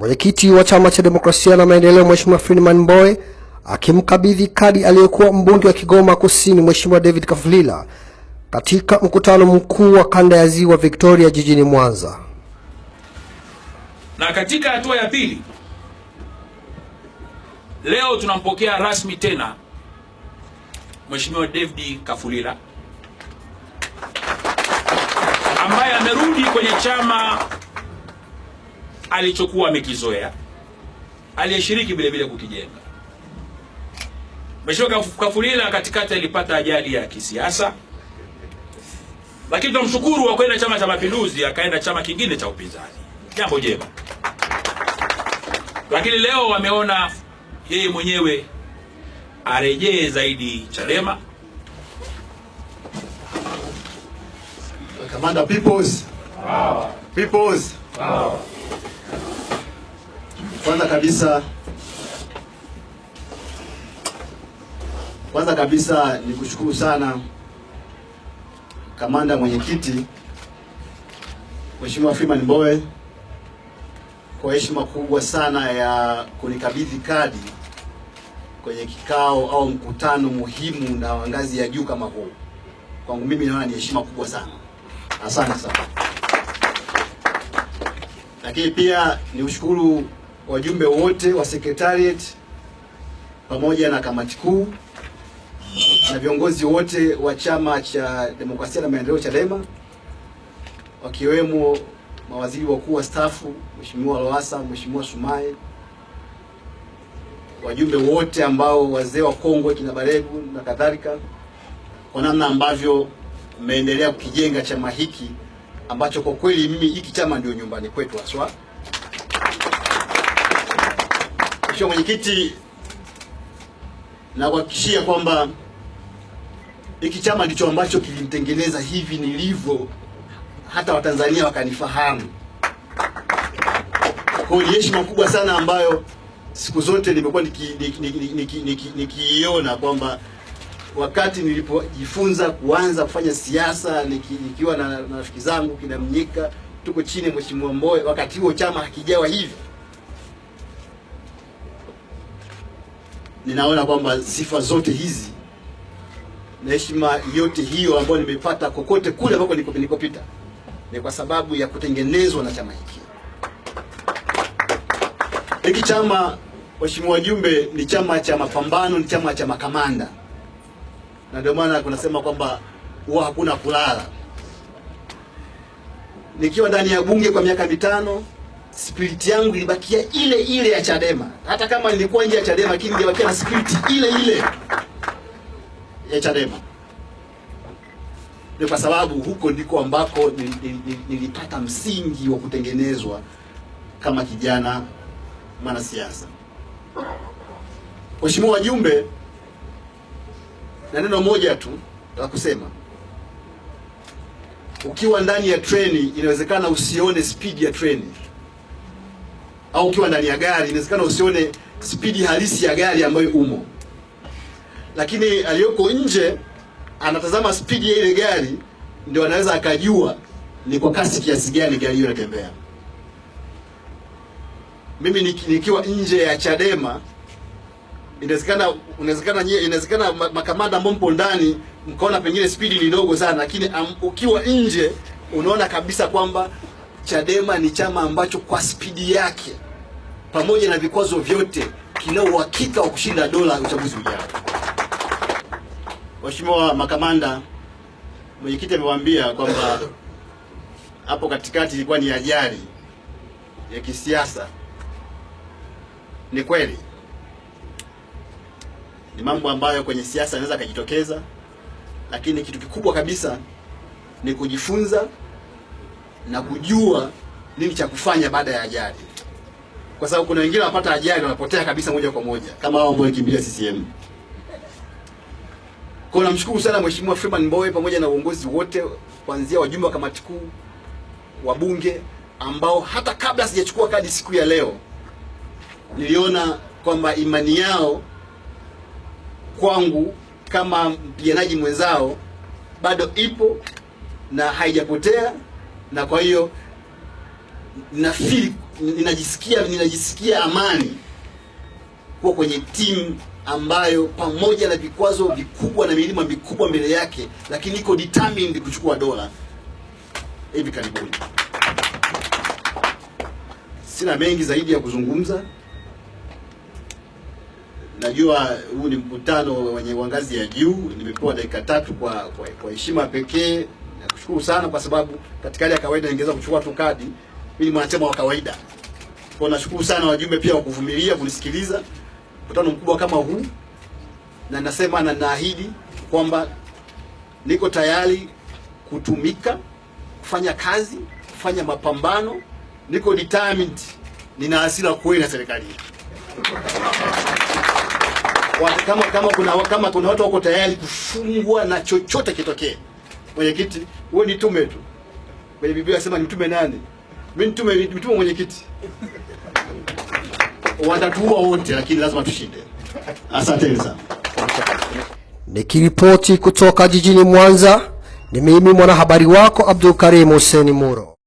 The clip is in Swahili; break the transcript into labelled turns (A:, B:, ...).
A: Mwenyekiti wa Chama cha Demokrasia na Maendeleo Mheshimiwa Freeman Mbowe akimkabidhi kadi aliyekuwa mbunge wa Kigoma Kusini Mheshimiwa David Kafulila katika mkutano mkuu wa kanda ya Ziwa Victoria jijini Mwanza.
B: Na katika hatua ya pili, leo tunampokea rasmi tena Mheshimiwa David Kafulila ambaye amerudi kwenye chama alichokuwa amekizoea, aliyeshiriki vile vile kukijenga. Mheshimiwa Kafulila katikati alipata ajali ya kisiasa, lakini tunamshukuru, kwenda Chama cha Mapinduzi, akaenda chama kingine cha upinzani, jambo jema. Lakini leo wameona yeye mwenyewe arejee zaidi Chadema.
C: Kamanda peoples. Peoples. Kwanza kabisa kwanza kabisa ni kushukuru sana kamanda mwenyekiti Mheshimiwa Freeman Mbowe kwa heshima kubwa sana ya kunikabidhi kadi kwenye kikao au mkutano muhimu na wa ngazi ya juu kama huu. Kwangu mimi naona ni heshima kubwa sana, asante sana. Lakini pia ni ushukuru wajumbe wote wa secretariat pamoja na kamati kuu na viongozi wote wa Chama cha Demokrasia na Maendeleo Chadema, wakiwemo mawaziri wakuu wastaafu Mheshimiwa Lowassa, Mheshimiwa Sumaye, wajumbe wote ambao wazee wa kongwe kina Baregu na kadhalika, kwa namna ambavyo mmeendelea kukijenga chama hiki ambacho kwa kweli mimi hiki chama ndio nyumbani kwetu haswa. Mheshimiwa Mwenyekiti, nakuhakikishia kwamba hiki chama ndicho ambacho kilinitengeneza hivi nilivyo, hata Watanzania wakanifahamu. Kwa hiyo ni heshima kubwa sana ambayo siku zote nimekuwa nikiiona niki, niki, niki, niki kwamba wakati nilipojifunza kuanza kufanya siasa niki, nikiwa na rafiki zangu kina Mnyika, tuko chini ya Mheshimiwa Mbowe, wakati huo chama hakijawa hivi. ninaona kwamba sifa zote hizi na heshima yote hiyo ambayo nimepata kokote kule ambako nilikopita ni kwa sababu ya kutengenezwa na chama hiki. Hiki chama, waheshimiwa wajumbe, ni chama cha mapambano, ni chama cha makamanda, na ndio maana kunasema kwamba huwa hakuna kulala. Nikiwa ndani ya bunge kwa miaka mitano spirit yangu ilibakia ile ile ya Chadema. Hata kama nilikuwa nje ya Chadema, lakini ilibakia na spirit ile ile ya Chadema. Ni kwa sababu huko ndiko ambako nilipata msingi wa kutengenezwa kama kijana mwanasiasa. Mheshimiwa wajumbe, na neno moja tu la kusema ukiwa ndani ya treni inawezekana usione speed ya treni au ukiwa ndani ya gari inawezekana usione spidi halisi ya gari ambayo umo, lakini aliyoko nje anatazama spidi ya ile gari, ndio anaweza akajua ni kwa kasi kiasi gani gari hiyo inatembea. Mimi nikiwa nje ya Chadema inawezekana inawezekana inawezekana makamanda ambao mpo ndani mkaona pengine spidi ni ndogo sana, lakini um, ukiwa nje unaona kabisa kwamba Chadema ni chama ambacho kwa spidi yake pamoja na vikwazo vyote kina uhakika wa kushinda dola uchaguzi ujao. Mheshimiwa makamanda, mwenyekiti amewaambia kwamba hapo katikati ilikuwa ni ajali ya kisiasa. Ni kweli, ni mambo ambayo kwenye siasa anaweza akajitokeza, lakini kitu kikubwa kabisa ni kujifunza na kujua nini cha kufanya baada ya ajali, kwa sababu kuna wengine wanapata ajali wanapotea kabisa moja kwa moja kama hao ambao walikimbilia CCM. Kwa namshukuru sana Mheshimiwa Freeman Mbowe pamoja na uongozi wote kuanzia wajumbe wa kamati kuu, wa bunge ambao hata kabla sijachukua kadi siku ya leo niliona kwamba imani yao kwangu kama mpiganaji mwenzao bado ipo na haijapotea na kwa hiyo nafeel ninajisikia ninajisikia amani kuwa kwenye timu ambayo pamoja na vikwazo vikubwa na milima mikubwa mbele yake, lakini iko determined kuchukua dola hivi karibuni. Sina mengi zaidi ya kuzungumza. Najua huu ni mkutano wenye wa ngazi ya juu. Nimepewa dakika tatu kwa kwa heshima pekee. Nakushukuru sana kwa sababu katika hali ya kawaida ningeweza kuchukua tu kadi, mimi mwanachama wa kawaida. Kwa nashukuru sana wajumbe pia wa kuvumilia, kunisikiliza. Mkutano mkubwa kama huu na nasema na naahidi kwamba niko tayari kutumika, kufanya kazi, kufanya mapambano, niko determined, nina hasira kweli na serikali. Kama, kama kuna kama kuna watu wako tayari kufungwa na chochote kitokee mwenyekiti, wewe ni tume tu. Kwenye Biblia anasema ni mtume nani? Mimi mtume ni mtume mwenyekiti. Watatuua wote lakini lazima tushinde. Asante sana.
A: Nikiripoti kutoka jijini Mwanza, ni mimi mwanahabari wako Abdul Karim Hussein Muro.